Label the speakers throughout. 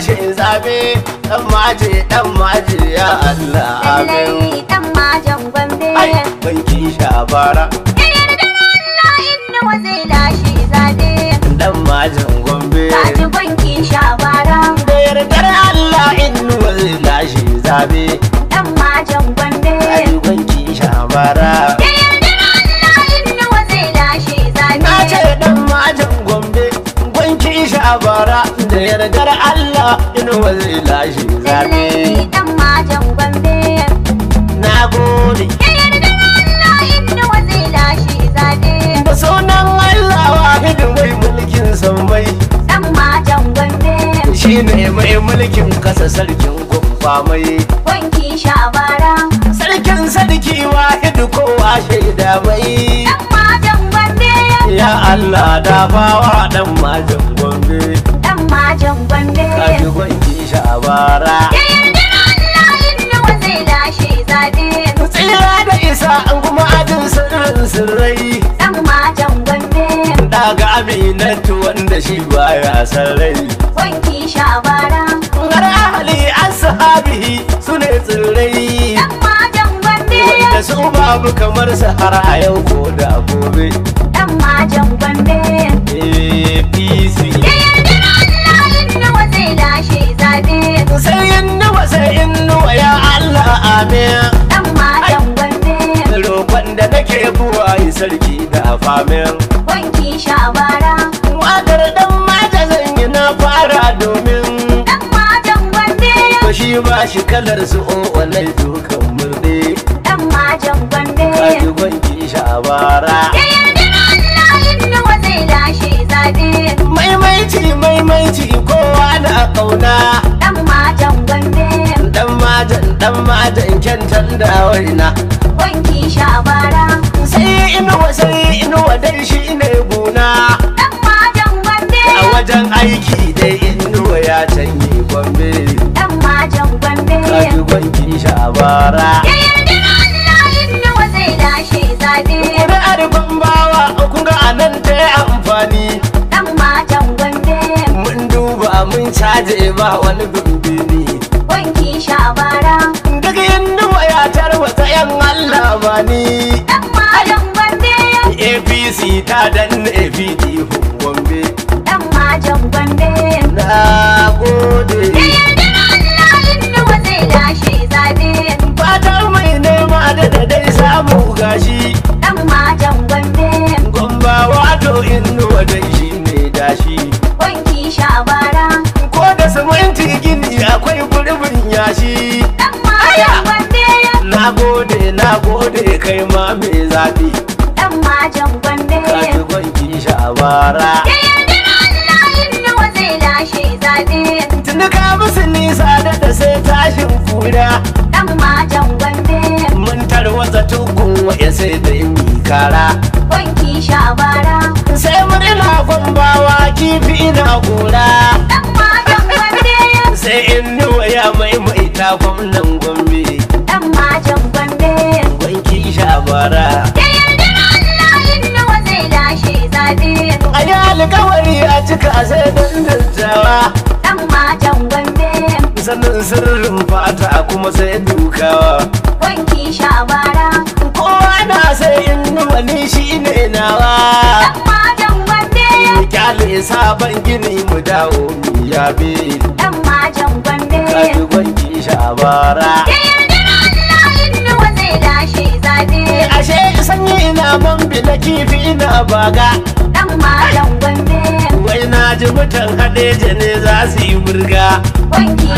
Speaker 1: tashi in zabe dan maje dan maje ya Allah amin dan majan gombe ban kin bara da Allah zai lashi zabe dan majan gombe ban kin bara dare da Allah inna wa zai lashi zabe dan majan gombe ban kin bara da yardar Allah. da zai ilashi zabe dan majan gombe na gode da Allah mai mulkin sammai dan majan gombe ne mai mulkin kasa sarkin kumfa mai wanki shabara sarkin sarki wahidu kowa shaida mai dan majan gombe ya Allah dafawa dan majan gombe bara. Ya yarda da Allah inda wa zai lashe zabe. da isa an kuma ajin sirrin tsirrai. Dan matan gwambe. Da ga aminatu wanda shi baya san rai. Wanki sha bara. Ngar ahli ashabihi su ne tsirrai. Dan matan Da su babu kamar sahara a yau ko da gobe. Dan matan gwambe. APC. inuwa ya Allah amin roƙon da nake buwa yi sarki da famin wanki sha bara wakar dan mata zan yi na fara domin dan matan gwande ba shi ba shi kalar su oh, wannan dukan murde dan matan gwande ka ji wanki sha bara da yardar Allah inuwa lashe zabe maimaici kowa na ƙauna. dan matan kyantan da waina wanki sha bara sai inuwa sai inuwa dai shi ne guna dan majan gwambe. a wajen aiki dai inuwa ya canye gwambe dan majan gwambe. kaji wanki sha bara Allah inuwa zai lashe gwambawa anan ta yi amfani mun duba mun caje ba wani gumbi dai shi ne dashi wanki shi bara ko da siminti gini akwai gurbin yashi na gode na gode kai ma me zafi dan majan gwande ka ji wanki shi bara nisa da da sai tashin kura. Dan gwande. Mun tarwatsa tukun wa'ya kara. Wanki shi a bara. ina gwambawa kifi ina gora sai in ya maimaita gwamnan gombe Ɗan majan gombe wanki sha cika a sai dan sannan sirrin fata kuma sai dukawa wanki shabara. kowa na sai in nuwa ni shi ne nawa kyale sabon gini mu dawo ya bi dan majan gwande kaji gwanki shabara yarda yardar Allah inda zai lashe zabe ashe sanyi ina bambi na kifi ina baga dan majan gwande wai na ji mutan haɗe ne za su yi burga gwanki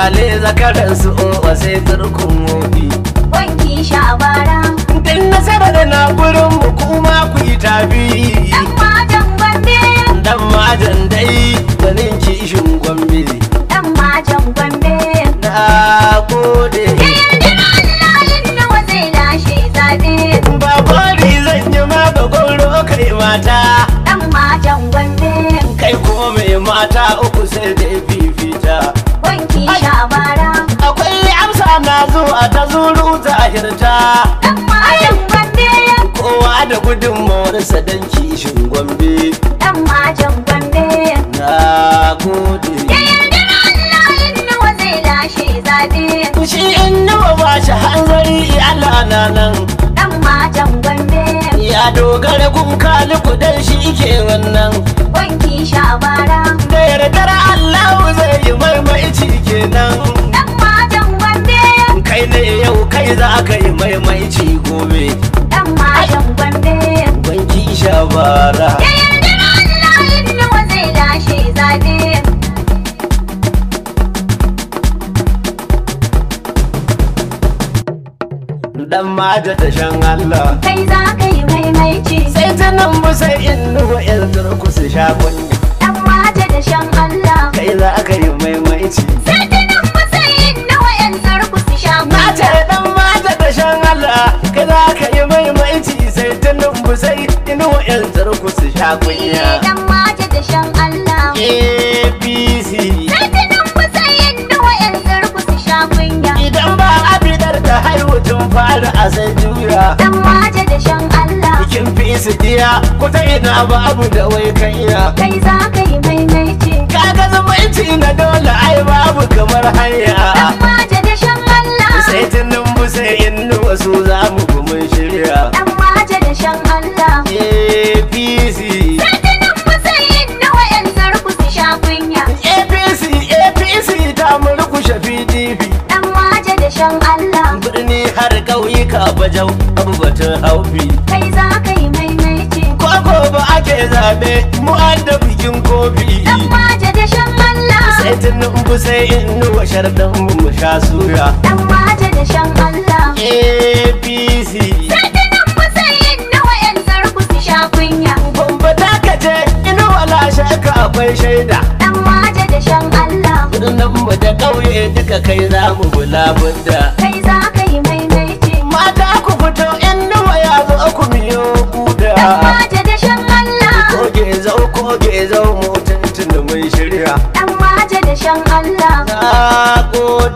Speaker 1: iyalai zakaran su in ba sai turkun moɗi nagarta kowa da gudunmawarsa don kishin gombe dan majan gombe na gode ya yarda na Allah innuwa zai lashe zabe shi innuwa ba shi hanzari Allah na nan dan majan gombe ya dogara gun kaliku dan shi ke wannan maimaici gome dan mayan gombe ban kisha bara da yarda na Allah inda wa zai lashe zabe dan maja ta shan Allah kai za ka yi maimaici sai ta nan musa inda wa yar turku su sha kunya dan maja ta shan Allah kai za ka yi maimaici sai da yan zarku su sha kunya. Idan mace da shan Allah. APC. Sarkinin kusa yadda wa'yan zarku su sha kunya. Idan ba a abidar ta haihu tun fara a san juya. Dan mace da shan Allah. Kin fi su diya kuta ina babu da wai kan Kai za ka yi maimaici. Kaga zumunci na dole ai babu kamar hanya. Dan mace da shan Allah. Sai tunan busa inda wasu za mu kuma shirya. shan Allah. Birni har ƙauyuka bajau abubatun haufi. Kai za ka yi maimaici. Koko ba ake zabe? mu da bikin kofi. Dan waje da shan Allah. Sai tunubu sai inuwa sharɗan mu sha sura. Dan waje da shan Allah. APC. akwai shaida dan waje da shan Allah nan mu da kauye duka kai za mu bula budda kai za ka yi maimaici mata ku fito in nawa ya zo ku miyo kuda dan waje da shan Allah koge zau koge zau mu tuntun mun shirya dan waje da shan Allah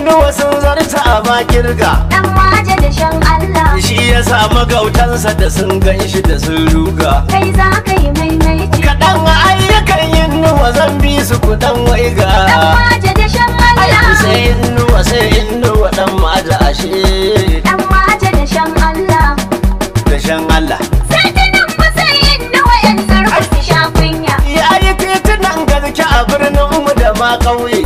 Speaker 1: inuwa sun zarta a ga. dan waje da shan Allah shi ya sa magautansa da sun ganshi da sun ruga kai za ka yi maimaici kaɗan ayyukan nuwa zan bi su ku dan ga dan waje da shan Allah sai inuwa sai nuwa dan maja ashe dan waje da shan Allah da shan Allah a birnin mu da ma ƙauye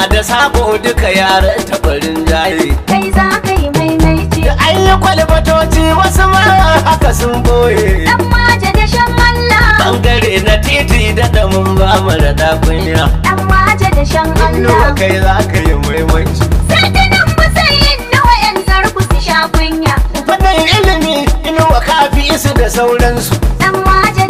Speaker 1: na da sako duka yaran tabarin jaye kai za ka yi maimaici da an yi kwalbatoci wasu ma haka sun boye dan maje da shan malla bangare na titi da damun ba mara da kunya dan maje da shan Allah kai za ka yi maimaici sadinan musayin na wayan zarku su sha kunya wannan ilimi inuwa kafi isu da sauransu dan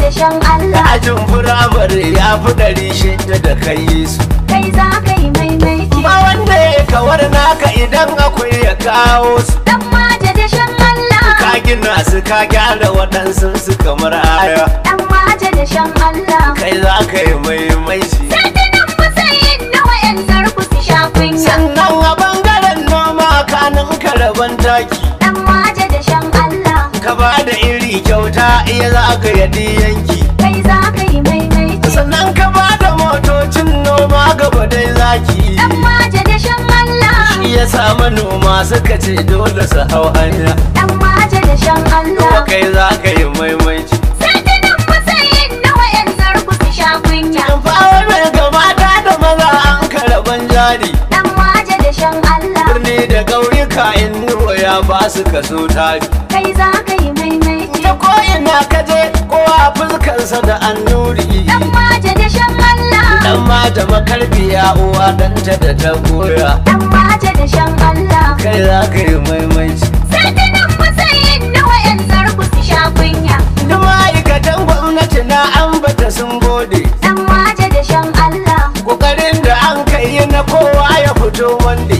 Speaker 1: dashen Allah Ajin firamare ya fi ɗari shida da kai su Kai za ka yi maimaiti Ba wanda ya kawar naka idan akwai ya kawo su Dan maje dashen Allah Ka gina su ka gyara waɗansu su kamar aya Dan maje dashen Allah Kai za ka yi maimaiti Sandunan matsayin na wa'yan zarku su sha kunya Sannan a bangaren noma kanin karaban taki ka ba da iri kyauta iya za ka yadi yanki kai za ka yi maimaiti sannan ka ba da motocin noma gaba dai zaki dan maje da shan Allah shi ya sa manoma suka ce dole su hau hanya dan maje da shan Allah kai za ka yi maimaiti jari. Dan waje da shan Allah. Birni da ƙauri? duka inuwa ya ba su kaso tari kai za ka yi maimai ta ko'ina ka je kowa fuskansa da annuri dan maje da shan Allah dan ma ta makarfiya, uwa danta da ta goya dan maje da shan Allah kai za ka yi maimai sai ta nan musayin na wayan zarku su sha kunya duk ma'aikatan gwamnati na ambata sun gode dan maje da shan Allah kokarin da an kai na kowa ya fito wande.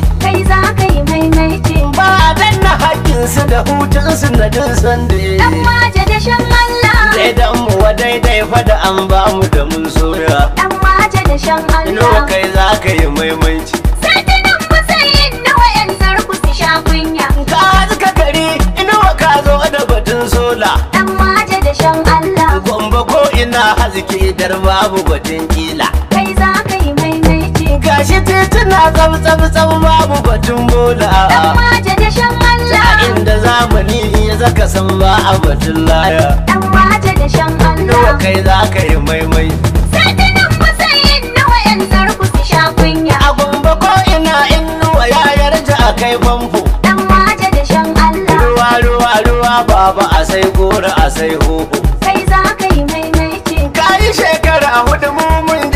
Speaker 1: da hutun sinadin sande dan maje da shan Allah sai dan mu wa daidai fa da an ba mu da mun soya dan maje da shan Allah nawa kai za ka yi maimanci sai ta nan ba sai inda wayan zarku su sha kunya ka zuka gari inawa ka zo da batun sola dan maje da shan Allah gombe ko ina haziki dar babu batun kila gashi tituna tsam babu batun bola dan waje da shan inda zamani ya zaka san ba a batun laya dan waje da shan nawa kai za ka yi maimai nawa su sha kunya a gombe ya a kai famfo dan waje da shan Allah baba a sai gora a sai hoho kai za ka yi maimai ka yi shekara hudu mun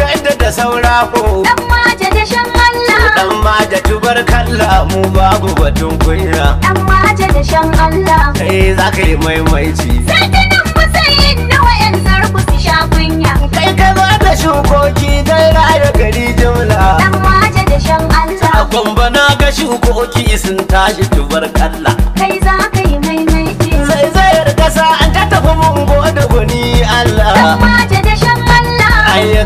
Speaker 1: saura ko dan maja da shan Allah dan maja tubar kalla mu babu batun kunya dan maja da shan Allah kai za ka yi maimaici sai sarkinin musayin na wayan zarku su sha kunya kai kai ba da shukoki dai raya gari jimla. dan maja da shan Allah a gwamba na ga shukoki sun tashi tubar kalla kai za ka yi maimaici zaizayar kasa an ta tafi mun gode gwani Allah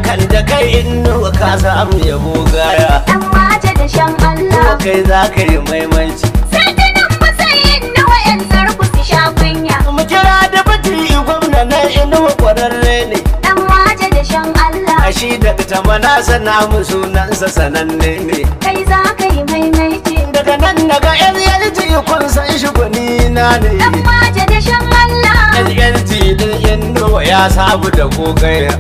Speaker 1: kan da kai in innuwa ka samu yabo gaya dan waje da shan Allah kai za ka yi Sai maimanci sardunan matsayin na wayan zarku su sha kunya mu kira da bati gwamna na inuwa kwararre ne dan waje da shan Allah shi da ta mana sana mu sunansa sananne ne kai za ka yi maimanci daga nan daga yan yalji kun san shi gwani na ne dan waje da shan Allah yan yalji din innuwa ya sabu da gogaya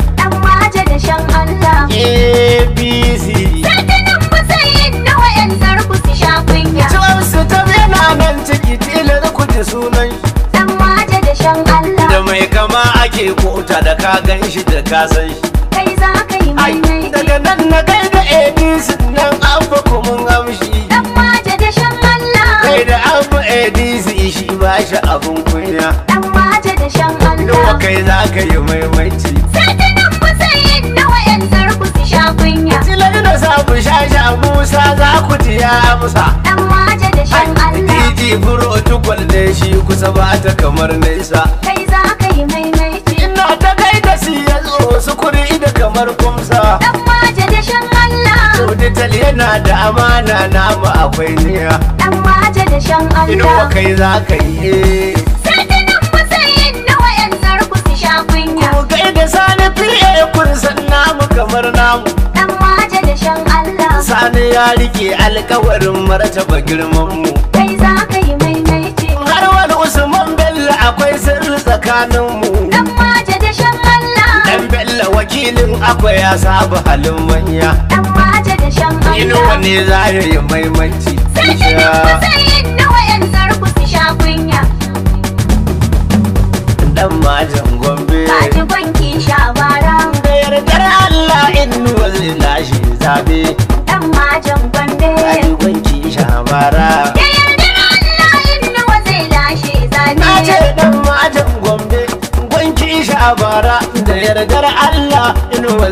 Speaker 1: ƙarshen anta. APC. Sartunan matsayin na wayan zarku su sha kunya. Tuwon su ta yana nan ciki tilar ku ji sunan. Dan maje da shan Allah. Da mai kama ake kota da ka gan shi da ka san shi. Kai za ka yi mai Daga nan na kai da APC nan an fa kumin amshi. Dan maje da shan Allah. Kai da an fa APC shi ba shi abun kunya. Dan maje da shan Allah. Nawa kai za ka yi maimaiti. namiji ya musa dan waje da shan Allah ji furo tukwal da shi kusa ba ta kamar nisa kai za ka yi maimaici ina ta kai ta siya zo su da kamar kumsa dan waje da shan Allah Saudital yana da amana namu akwai niya dan waje da shan Allah ina kai za ka yi Ku gaida sani fiye kun san namu kamar namu. dashen Allah Sani ya rike alkawarin martaba girman mu Kai za ka yi maimaici Har wani Usman Bello akwai sirri tsakanin mu Dan maje shan Allah Dan Bello wakilin akwai ya saba halin manya Dan maje shan Allah Inuwa ne za ya yi maimaici Sarki ne kusayin nawa yan zarku su sha kunya Dan majan gombe Kaji gwanki shabara bara da yardar Allah inuwa